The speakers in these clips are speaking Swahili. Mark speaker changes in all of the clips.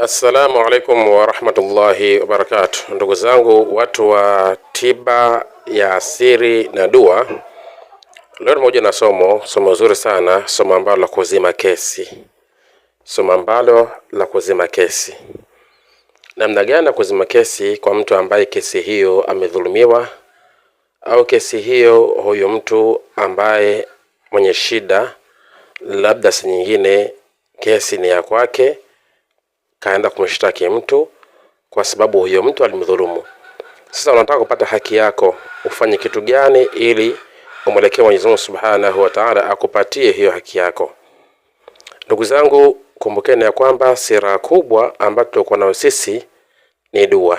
Speaker 1: Assalamu alaikum warahmatullahi wabarakatu ndugu zangu watu wa tiba ya asiri na dua. Leo nimekuja na somo somo zuri sana, somo ambalo la kuzima kesi, somo ambalo la kuzima kesi. Namna gani ya kuzima kesi kwa mtu ambaye kesi hiyo amedhulumiwa, au kesi hiyo huyo mtu ambaye mwenye shida, labda si nyingine, kesi ni ya kwake kaenda kumshtaki mtu kwa sababu huyo mtu alimdhulumu. Sasa unataka kupata haki yako, ufanye kitu gani ili umwelekee Mwenyezi Mungu Subhanahu wa Ta'ala akupatie hiyo haki yako? Ndugu zangu, kumbukeni ya kwamba siraha kubwa ambayo tulikuwa nayo sisi ni dua.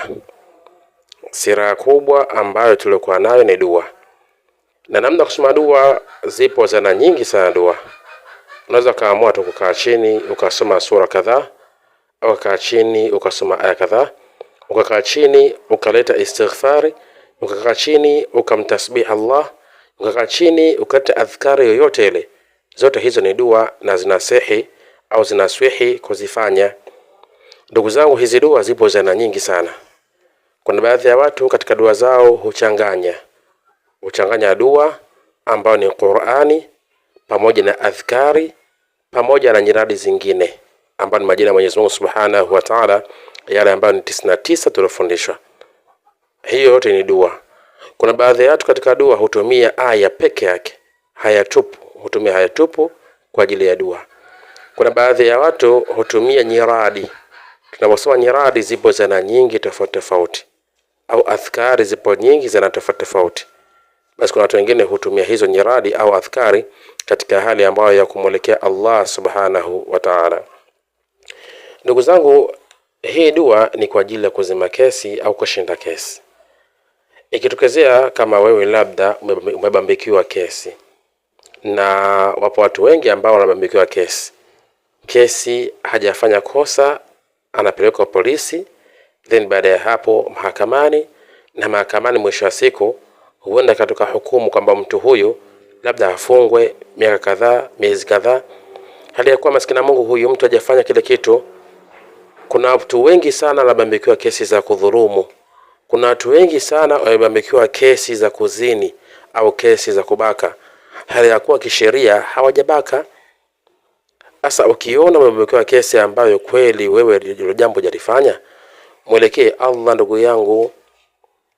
Speaker 1: Siraha kubwa ambayo tulikuwa nayo ni dua, na namna kusoma dua, zipo zana nyingi sana dua. Unaweza ukaamua tu kukaa chini ukasoma sura kadhaa ukakaa chini ukasoma aya kadhaa, ukakaa chini ukaleta istighfari, ukakaa chini ukamtasbih Allah, ukakaa chini ukaleta adhkari yoyote ile. Zote hizo ni dua na zinasihi au zinaswihi kuzifanya. Ndugu zangu, hizi dua zipo zana nyingi sana. Kuna baadhi ya watu katika dua zao huchanganya huchanganya dua ambayo ni Qur'ani pamoja na adhkari pamoja na nyiradi zingine ambayo ni majina ya Mwenyezi Mungu Subhanahu wa Ta'ala, yale ambayo ni tisini na tisa tuliofundishwa. Hiyo yote ni dua. Kuna baadhi ya watu katika dua hutumia aya peke yake, haya tupu, hutumia haya tupu kwa ajili ya dua. Kuna baadhi ya watu hutumia nyiradi. Tunaposoma nyiradi, zipo zana nyingi tofauti tofauti, au adhkari zipo nyingi zana tofauti tofauti. Basi kuna watu wengine hutumia hizo nyiradi au adhkari katika hali ambayo ya kumwelekea Allah subhanahu wa ta'ala. Ndugu zangu, hii dua ni kwa ajili ya kuzima kesi au kushinda kesi. Ikitokezea kama wewe labda umebambikiwa kesi, na wapo watu wengi ambao wanabambikiwa kesi, kesi hajafanya kosa, anapelekwa polisi, then baada ya hapo mahakamani, na mahakamani mwisho wa siku huenda katoka hukumu kwamba mtu huyu labda afungwe miaka kadhaa, miezi kadhaa, hali ya kuwa maskini Mungu, huyu mtu hajafanya kile kitu kuna watu wengi sana wanabambikiwa kesi za kudhulumu. Kuna watu wengi sana wamebambikiwa kesi za kuzini au kesi za kubaka, hali ya kuwa kisheria hawajabaka. Sasa ukiona umebambikiwa kesi ambayo kweli wewe hilo jambo jalifanya mwelekee Allah ndugu yangu,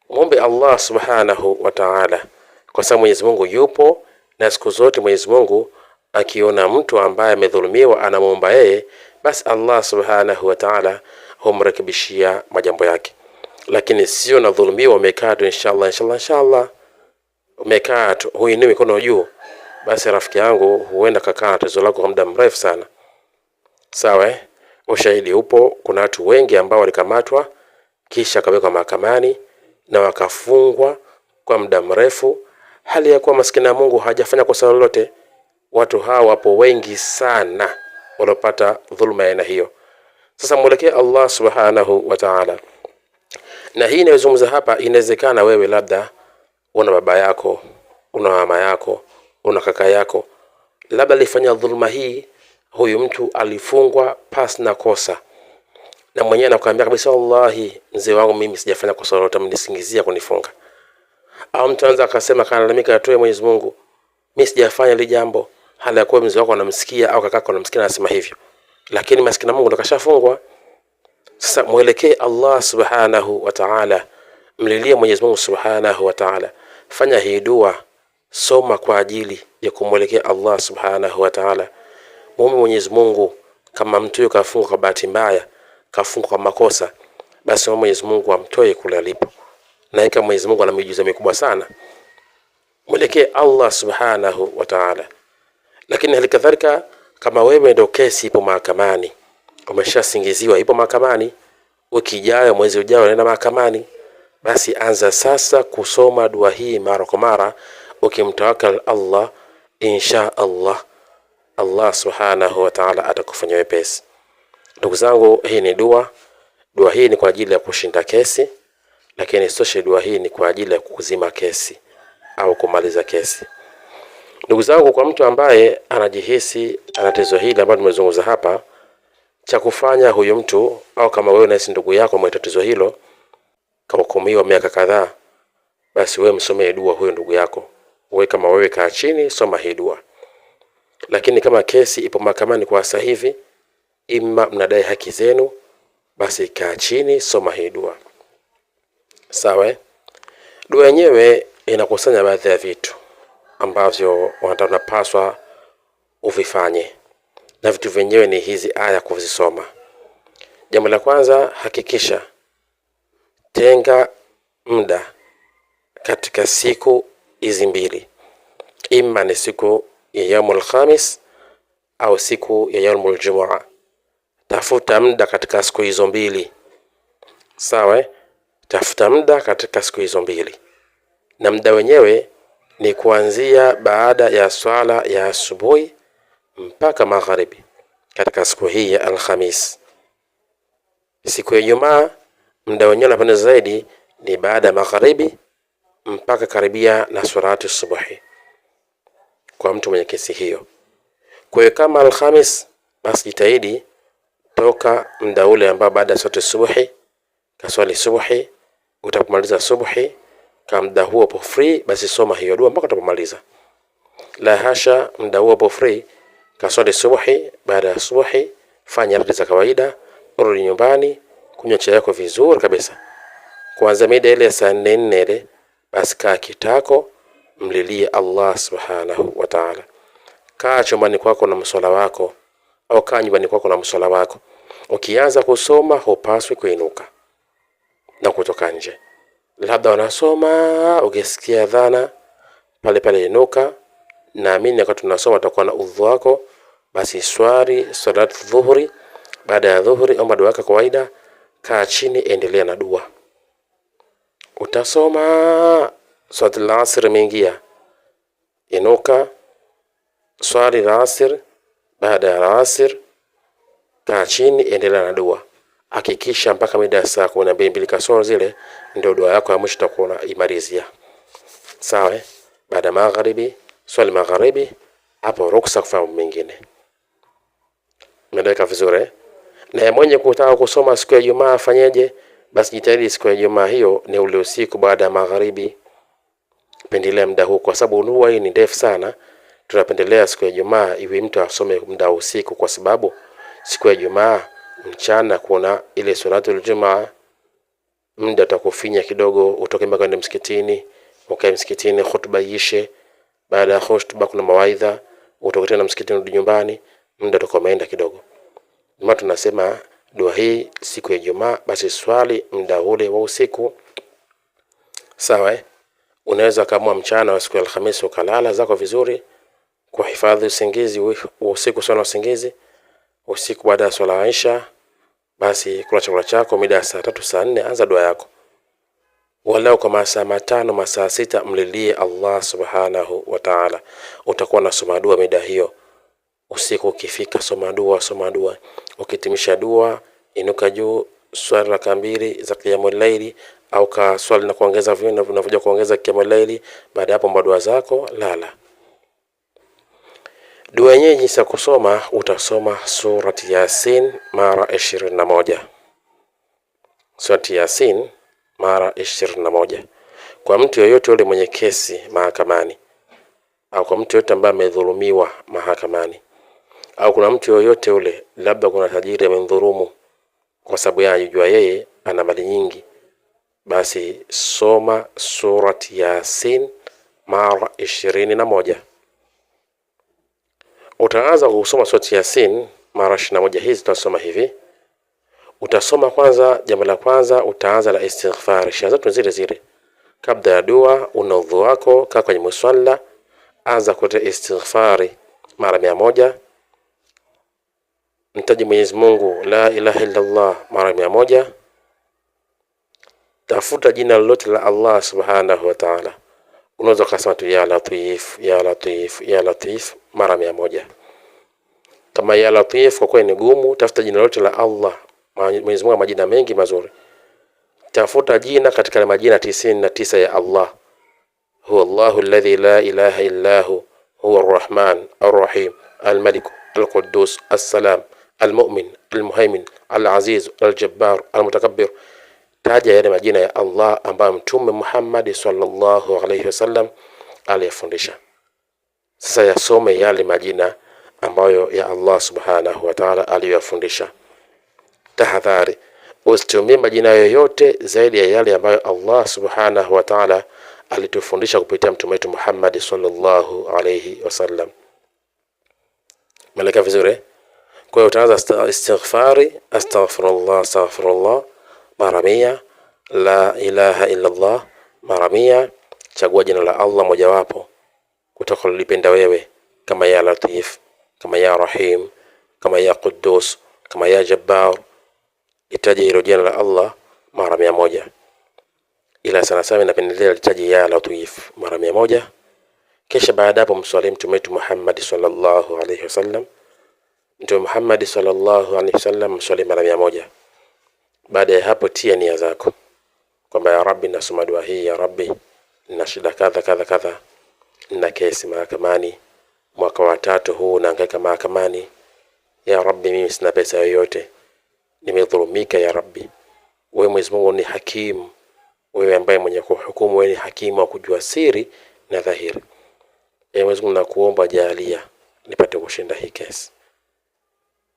Speaker 1: mwombe Allah subhanahu wa ta'ala, kwa sababu Mwenyezi Mungu yupo na siku zote Mwenyezi Mungu akiona mtu ambaye amedhulumiwa anamwomba yeye basi Allah subhanahu wa ta'ala humrekebishia majambo yake, lakini sio na umekaa tu inshallah, inshallah, inshallah, umekaa tu huinui mikono juu, basi rafiki yangu, huenda kakaa tatizo lako kwa muda mrefu sana. Sawa, eh? Ushahidi upo. Kuna watu wengi ambao walikamatwa kisha wakawekwa mahakamani na wakafungwa kwa muda mrefu, hali ya kuwa maskini ya Mungu hajafanya kosa lolote. Watu hawa wapo wengi sana wanaopata dhuluma aina hiyo. Sasa mwelekee Allah subhanahu wa ta'ala, na hii inayozungumza hapa, inawezekana wewe labda una baba yako, una mama yako, una kaka yako, labda alifanya dhulma hii, huyu mtu alifungwa pas na kosa, na mwenyewe anakuambia kabisa, wallahi mzee wangu, mimi sijafanya kosa lolote, mnisingizia kunifunga. Au mtu anaweza akasema, akalalamika, atoe Mwenyezi Mungu, mimi sijafanya hili jambo hali ya kuwa mzee wako anamsikia au kakako anamsikia anasema hivyo, lakini maskini Mungu ndo kashafungwa. Sasa mwelekee Allah subhanahu wa ta'ala, mlilie Mwenyezi Mungu subhanahu wa ta'ala, fanya hii dua, soma kwa ajili ya kumwelekea Allah subhanahu wa ta'ala. Muombe Mwenyezi Mungu, kama mtu yuko kafungwa kwa bahati mbaya, kafungwa kwa makosa, basi Mwenyezi Mungu amtoe kule alipo, na kama Mwenyezi Mungu ana miujiza mikubwa sana, mwelekee Allah subhanahu wa ta'ala. Lakini hali kadhalika kama wewe ndio kesi ipo mahakamani, umeshasingiziwa, ipo mahakamani, wiki ijayo, mwezi ujao unaenda mahakamani, basi anza sasa kusoma dua hii mara kwa mara, ukimtawakal Allah, insha Allah Allah subhanahu wa ta'ala atakufanya wepesi. Ndugu zangu, hii ni dua. Dua hii ni kwa ajili ya kushinda kesi, lakini soshe, dua hii ni kwa ajili ya kuzima kesi au kumaliza kesi. Ndugu zangu, kwa mtu ambaye anajihisi ana tatizo hili ambalo tumezungumza hapa, cha kufanya huyu mtu au kama wewe nasi ndugu yako mwenye tatizo hilo kahukumiwa miaka kadhaa, basi wewe msomee dua huyo ndugu yako. Wewe kama wewe, kaa chini, soma hii dua. Lakini kama kesi ipo mahakamani kwa sasa hivi, ima mnadai haki zenu, basi kaa chini, soma hii dua, sawa. Eh? Dua yenyewe inakusanya baadhi ya vitu ambavyo wanapaswa uvifanye, na vitu vyenyewe ni hizi aya kuzisoma. Jambo la kwanza, hakikisha tenga muda katika siku hizi mbili, ima ni siku ya yaumul khamis au siku ya yaumul jumua. Tafuta muda katika siku hizo mbili, sawa. Tafuta muda katika siku hizo mbili, na muda wenyewe ni kuanzia baada ya swala ya asubuhi mpaka magharibi katika siku hii ya Alhamis. Siku ya Ijumaa muda wenyewe napenda zaidi ni baada ya magharibi mpaka karibia na suratu subuhi kwa mtu mwenye kesi hiyo. Kwa hiyo kama Alhamis, basi jitahidi toka muda ule ambao baada ya suratu subuhi, kaswali subuhi utakumaliza subuhi kama muda huo upo free, basi soma hiyo dua mpaka utapomaliza. La hasha, muda huo upo free, kaswali subuhi. Baada ya subuhi, fanya ibada za kawaida, rudi nyumbani, kunywa chai yako vizuri kabisa, kuanza mida ile ya saa nne nne ile, basi kaa kitako, mlilie Allah subhanahu wa ta'ala. Kaa chumbani kwako na msala wako, au kaa nyumbani kwako na msala wako. Ukianza kusoma, hupaswi kuinuka na kutoka nje labda wanasoma, ukisikia dhana pale pale inuka. Naamini wakati tunasoma utakuwa na udhu wako, basi swali salatu dhuhuri. Baada ya dhuhuri, omba dua yako kawaida, kaa chini, endelea na dua. Utasoma swala la asr imeingia, inuka, swali la asr. Baada ya asr, kaa chini, endelea na dua hakikisha mpaka mida ya saa kumi na mbili mbili kasoro zile ndio dua yako ya mwisho utakuwa unaimalizia. Sawa, eh? baada ya magharibi swali magharibi, hapo ruksa kufanya mambo mengine. Umeeleweka vizuri? Eh? Na mwenye kutaka kusoma siku ya Ijumaa afanyeje? Basi jitahidi siku ya Ijumaa hiyo ni ule usiku baada ya magharibi, pendelea muda huu, kwa sababu nua hii ni ndefu sana. Tunapendelea siku ya Ijumaa iwe mtu asome muda usiku, kwa sababu siku ya Ijumaa mchana kuna ile salatul jumaa, muda utakufinya kidogo, utoke mpaka ndani msikitini, ukae msikitini, khutba ishe. Baada ya khutba kuna mawaidha, utoke tena msikitini, rudi nyumbani, muda utakuwa umeenda kidogo. Ndio tunasema dua hii siku ya Ijumaa, basi swali muda ule wa usiku, sawa eh? Unaweza kamua mchana wa siku ya Alhamisi ukalala zako vizuri, kuhifadhi usingizi wa usiku sana, usingizi usiku baada ya swala ya Isha, basi kula chakula chako mida ya saa tatu saa nne, anza dua yako walau kwa masaa matano masaa sita, mlilie Allah subhanahu wa ta'ala. Utakuwa nasoma dua mida hiyo. Usiku ukifika, soma dua, soma dua. Ukitimisha dua, inuka juu, swali raka mbili za qiyamul laili au ka swali na kuongeza vile vinavyokuja kuongeza qiyamul laili. Baada ya hapo, dua zako lala. Dua yenyewe jinsi ya kusoma, utasoma surati Yasin mara moja surati Yasin mara moja Kwa mtu yoyote yule mwenye kesi mahakamani au kwa mtu yoyote ambaye amedhulumiwa mahakamani au kuna mtu yoyote yule, labda kuna tajiri amemdhulumu kwa sababu yeye anajijua yeye ana mali nyingi, basi soma surati Yasin mara ishirini na moja. Utaanza kusoma surati Yasin mara ishirini na moja. Hizi tunasoma hivi, utasoma kwanza. Jambo la kwanza utaanza la istighfar, sha zetu zile zile. Kabla ya dua, una udhu wako, kaa kwenye muswalla, anza kuleta istighfari mara mia moja. Mtaji Mwenyezi Mungu la ilaha illallah mara mia moja. Tafuta jina lolote la Allah subhanahu wa ta'ala, unaweza kusema tu ya latif ya latif ya latif mara mia moja. Kama ya Latif kwa kweli ni gumu, tafuta jina lote la Allah. Mwenyezi Mungu majina mengi mazuri, tafuta jina katika majina tisini na tisa ya Allah. Huwa Allahu alladhi la ilaha illa hu huwa arrahman arrahim almalik alquddus assalam almu'min almuhaimin alaziz aljabbar almutakabbir. Taja yale majina ya Allah ambayo Mtume Muhammad sallallahu alayhi wasallam aliyefundisha. Sasa yasome yale majina ambayo ya Allah subhanahu wa ta'ala aliyoyafundisha. Tahadhari, usitumie majina yoyote zaidi ya yale ambayo Allah subhanahu wa ta'ala alitufundisha kupitia mtume wetu Muhammad sallallahu alayhi wasallam. Meleka vizuri. Kwa hiyo utaanza istighfari, astaghfirullah, astaghfirullah mara mia, la ilaha illa Allah mara mia, chagua jina la Allah mojawapo utakalolipenda wewe, kama ya Latif, kama ya Rahim, kama ya Quddus, kama ya Jabbar. Itaje hilo jina la Allah mara mia moja, ila sana sana napendelea litaje ya Latif mara mia moja. Kisha baada hapo mswali mtume wetu Muhammad sallallahu alaihi wasallam. Mtume Muhammad sallallahu alaihi wasallam mswali mara mia moja. Baada ya hapo tia nia zako kwamba ya Rabbi, nasoma dua hii, ya Rabbi, na shida kadha kadha kadha na kesi mahakamani, mwaka wa tatu huu naangaika mahakamani. Ya Rabbi, mimi sina pesa yoyote, nimedhulumika. Ya Rabbi, wewe Mwenyezi Mungu ni hakimu, wewe ambaye mwenye kuhukumu, wewe ni hakimu wa kujua siri na dhahiri. E Mwenyezi Mungu, nakuomba jalia nipate kushinda hii kesi.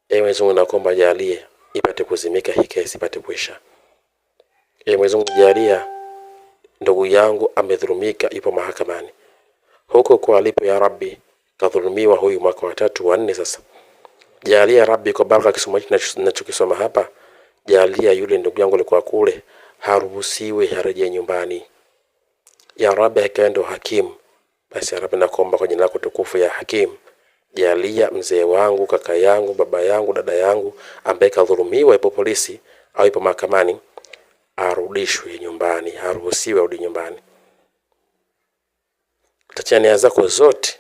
Speaker 1: E Mwenyezi Mungu, nakuomba jalia ipate kuzimika hii kesi, ipate kuisha. E Mwenyezi Mungu, jalia ndugu yangu amedhulumika, ipo mahakamani huko kwa alipo ya Rabbi. Kadhulumiwa huyu mwaka wa tatu wa nne sasa. Jalia Rabbi, kwa baraka kisomo ninachokisoma hapa, jalia yule ndugu yangu alikuwa kule, haruhusiwe harejee nyumbani. Ya Rabbi akawa ndo hakimu. Basi ya Rabbi, nakuomba kwa jina lako tukufu ya hakimu, jalia mzee wangu, kaka yangu, baba yangu, dada yangu ambaye kadhulumiwa, ipo polisi au ipo mahakamani, arudishwe nyumbani, haruhusiwi arudi nyumbani utachia nia zako zote.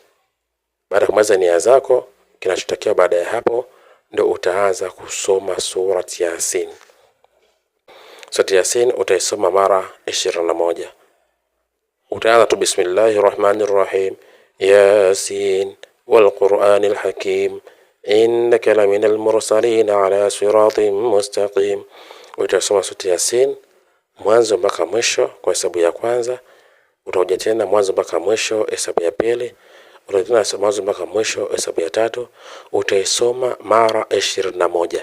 Speaker 1: Baada ya kumaliza nia zako, kinachotakiwa baada ya hapo ndio utaanza kusoma surati Yasin. Surati Yasin utaisoma mara ishirini na moja. Utaanza tu bismillahi rahmani rahim, Yasin walquran lhakim innaka lamina almursalin ala siratin mustaqim. Utasoma surati Yasin mwanzo mpaka mwisho kwa hesabu ya kwanza utakuja tena mwanzo mpaka mwisho hesabu ya pili, utakuja tena mwanzo mpaka mwisho hesabu ya tatu. Utaisoma mara ishirini na moja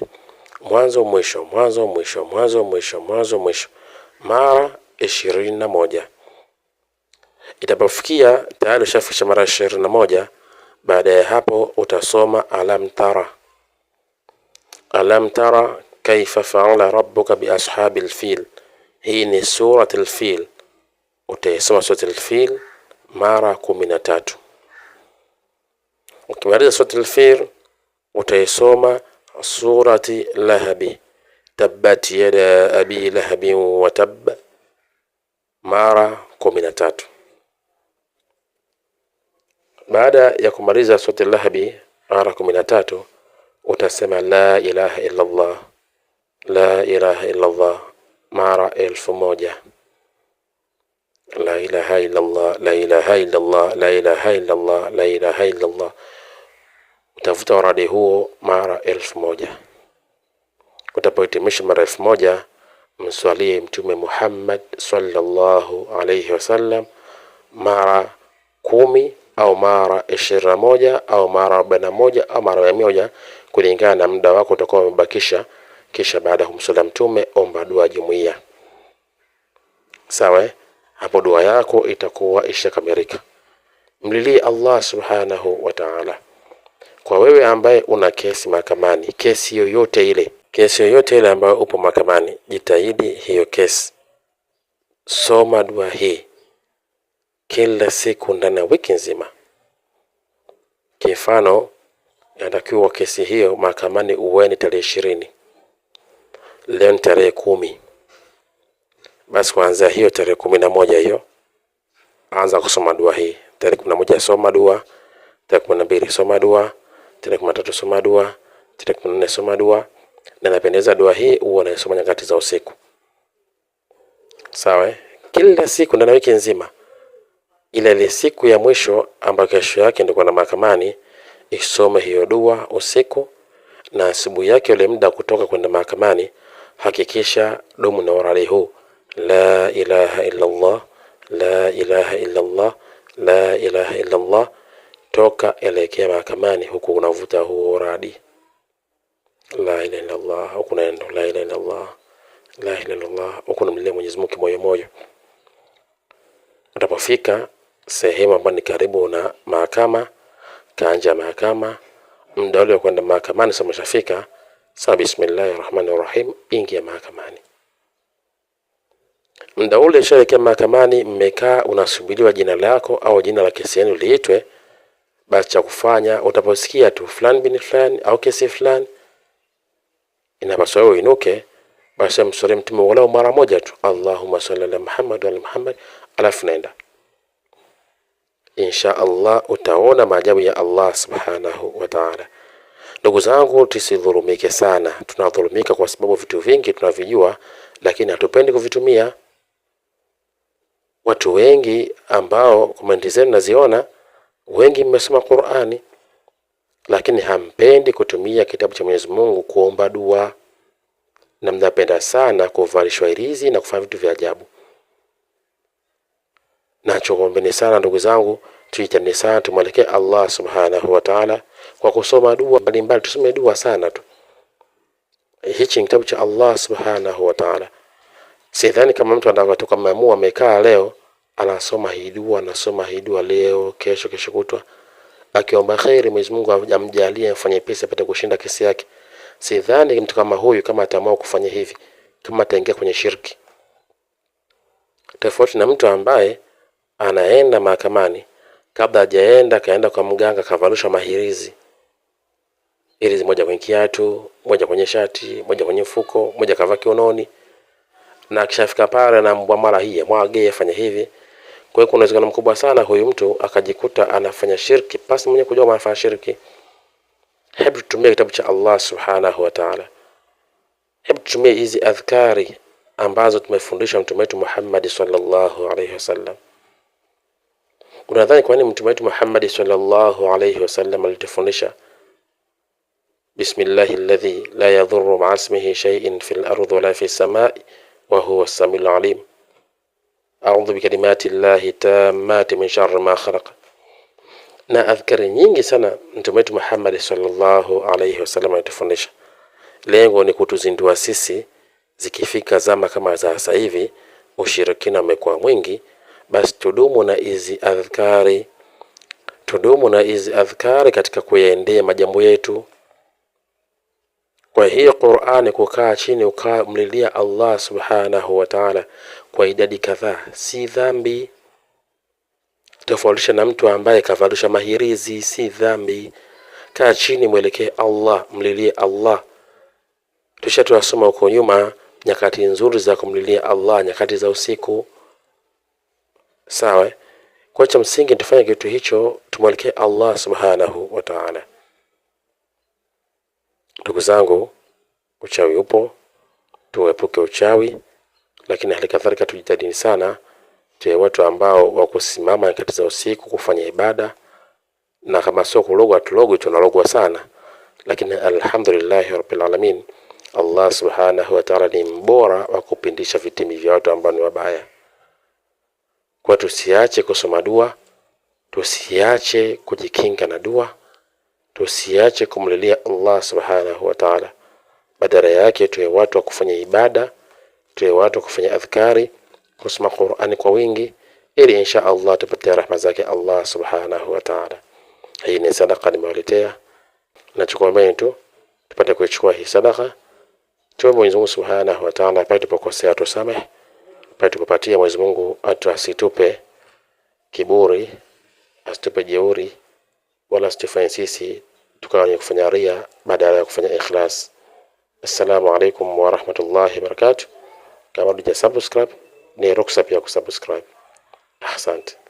Speaker 1: mwanzo mwisho mwanzo mwisho mwanzo mwisho mwanzo mwisho mara ishirini na moja. Itapofikia tayari ushafikisha mara ishirini na moja, baada ya hapo utasoma alam tara, alam tara kaifa faala rabbuka ashabil fil. Hii ni suratul Fil. utaisoma Suratul Fil mara kumi na tatu. Ukimaliza Suratul Fil utaisoma Surati Lahabi, tabbat yada abi lahabin wa tab, mara kumi na tatu. Baada ya kumaliza Surati Lahabi mara kumi na tatu utasema la ilaha illa Allah, la ilaha illa Allah mara elfu moja. la ilaha illallah, la ilaha illallah, la ilaha illallah, la ilaha illallah, Utafuta waradi huo mara elfu moja. Utapohitimisha mara elfu moja, mswalie Mtume Muhammad sallallahu alayhi wasallam mara kumi au mara ishirini na moja au mara arobaini na moja au mara mia moja kulingana na muda wako utakuwa umebakisha. Kisha baada ya kumswalia Mtume, omba dua jumuiya. Sawa. Eh? hapo dua yako itakuwa ishakamilika. Mlilie Allah subhanahu wa ta'ala. Kwa wewe ambaye una kesi mahakamani, kesi yoyote ile, kesi yoyote ile ambayo upo mahakamani, jitahidi hiyo kesi, soma dua hii kila siku ndani ya wiki nzima. Kifano, inatakiwa kesi hiyo mahakamani uweni tarehe ishirini, leo ni tarehe kumi. Basi kuanzia hiyo tarehe kumi na moja hiyo anza kusoma dua hii. Tarehe kumi na moja soma dua, tarehe kumi na mbili soma dua, tarehe kumi na tatu soma dua, tarehe kumi na nne soma dua. Na napendeza dua hii huwa unaisoma nyakati za usiku, sawa? Eh? Kila siku ndani ya wiki nzima, ila ile siku ya mwisho ambayo kesho yake ndio kwenda mahakamani, isome hiyo dua usiku na asubuhi yake, ule muda kutoka kwenda mahakamani, hakikisha dumu na urari huu la ilaha illallah la ilaha illallah la ilaha illallah toka elekea mahakamani, huku unavuta huo radi la ilaha illallah, huku unaenda la ilaha illallah la ilaha illallah, huku unamlilia Mwenyezi Mungu moyo moyo. Utapofika sehemu ambayo ni karibu na mahakama, kanja ya mahakama, muda ule wa kwenda mahakamani, sasa umeshafika. Sasa bismillahir rahmanir rahim, ingia mahakamani. Mda ule ishaelekea mahakamani, mmekaa unasubiriwa jina lako au jina la kesi yenu liitwe. Basi cha kufanya utaposikia tu fulani bin fulani au kesi fulani, inapaswa wewe uinuke, basi mswali Mtume walau mara moja tu, Allahumma salli ala Muhammad wa ala Muhammad, alafu naenda. Insha Allah utaona maajabu ya Allah subhanahu wa ta'ala. Ndugu zangu, tusidhulumike sana. Tunadhulumika kwa sababu vitu vingi tunavijua, lakini hatupendi kuvitumia watu wengi ambao komenti zenu naziona, wengi mmesoma Qur'ani, lakini hampendi kutumia kitabu cha Mwenyezi Mungu kuomba dua, na mnapenda sana kuvalishwa hirizi na kufanya vitu vya ajabu. Nachokuombeni sana ndugu zangu, tuitane sana, tumwelekee Allah subhanahu wa ta'ala kwa kusoma dua mbalimbali. Tusome dua sana tu, hichi ni kitabu cha Allah subhanahu wa ta'ala. Sidhani kama mtu atakatoka maamua amekaa leo anasoma hii dua anasoma hii dua leo kesho kesho kutwa akiomba khairi, Mwenyezi Mungu amjalie afanye pesa apate kushinda kesi yake. Sidhani mtu kama huyu kama ataamua kufanya hivi, kama ataingia kwenye shirki, tofauti na mtu ambaye anaenda mahakamani kabla hajaenda kaenda kwa mganga kavalusha mahirizi hirizi moja kwenye kiatu, moja kwenye shati, moja kwenye mfuko, moja kavaa kiunoni na akishafika pale mara hii mwage afanye hivi. Kwa hiyo kuna uwezekano mkubwa sana huyu mtu akajikuta anafanya shirki pasi mwenye kujua anafanya shirki. Hebu tutumie kitabu cha Allah subhanahu wa ta'ala, hebu tutumie hizi adhkari ambazo tumefundishwa mtume wetu Muhammad sallallahu alayhi wasallam. Unadhani kwa nini mtume wetu Muhammad sallallahu alayhi wasallam alitufundisha bismillahi alladhi la yadhurru ma'asmihi shay'in fil ardhi wala fis samai wa huwa samiul alim audhu bikalimati llahi tammati min sharri ma khalaq. Na adhkari nyingi sana mtume wetu Muhammad sallallahu alayhi wasallam anatufundisha. Lengo ni kutuzindua sisi, zikifika zama kama za sasa hivi, ushirikina umekuwa mwingi, basi tudumu na hizi adhkari, tudumu na hizi adhkari katika kuyaendea majambo yetu kwa hii Qur'ani, kukaa chini mlilia Allah subhanahu wa ta'ala kwa idadi kadhaa si dhambi. Tofautisha na mtu ambaye kavalisha mahirizi, si dhambi. Kaa chini, mwelekee Allah, mlilie Allah. Tusha tuwasoma huko nyuma nyakati nzuri za kumlilia Allah, nyakati za usiku. Sawa, eh? kwa cha msingi tufanye kitu hicho, tumwelekee Allah subhanahu wa ta'ala. Ndugu zangu, uchawi upo, tuepuke uchawi, lakini hali kadhalika tujitahidi sana tuwe watu ambao wa kusimama nyakati za usiku kufanya ibada, na kama sio kulogwa tulogwe, tunalogwa sana, lakini alhamdulillah rabbil alamin, Allah subhanahu wa ta'ala ni mbora wa kupindisha vitimi vya watu ambao ni wabaya. Kwa tusiache kusoma dua, tusiache kujikinga na dua tusiache kumlilia Allah subhanahu wa ta'ala. Badala yake tuwe watu wa kufanya ibada, tuwe watu wa kufanya adhkari, kusoma Qur'ani kwa wingi, ili insha Allah tupate rahma zake Allah subhanahu wa ta'ala. Hii ni sadaka nimewaletea, nachukua mimi tu tupate kuichukua hii sadaka. Tuombe Mwenyezi Mungu subhanahu wa ta'ala, pale tupokosea atusamehe, pale tupopatia Mwenyezi Mungu atu asitupe kiburi, asitupe jeuri wala situfanye sisi tukawa wenye kufanya ria badala ya kufanya ikhlas. Assalamu alaikum wa rahmatullahi wabarakatuh. Kama subscribe ni ruksa pia kusubscribe. Asante.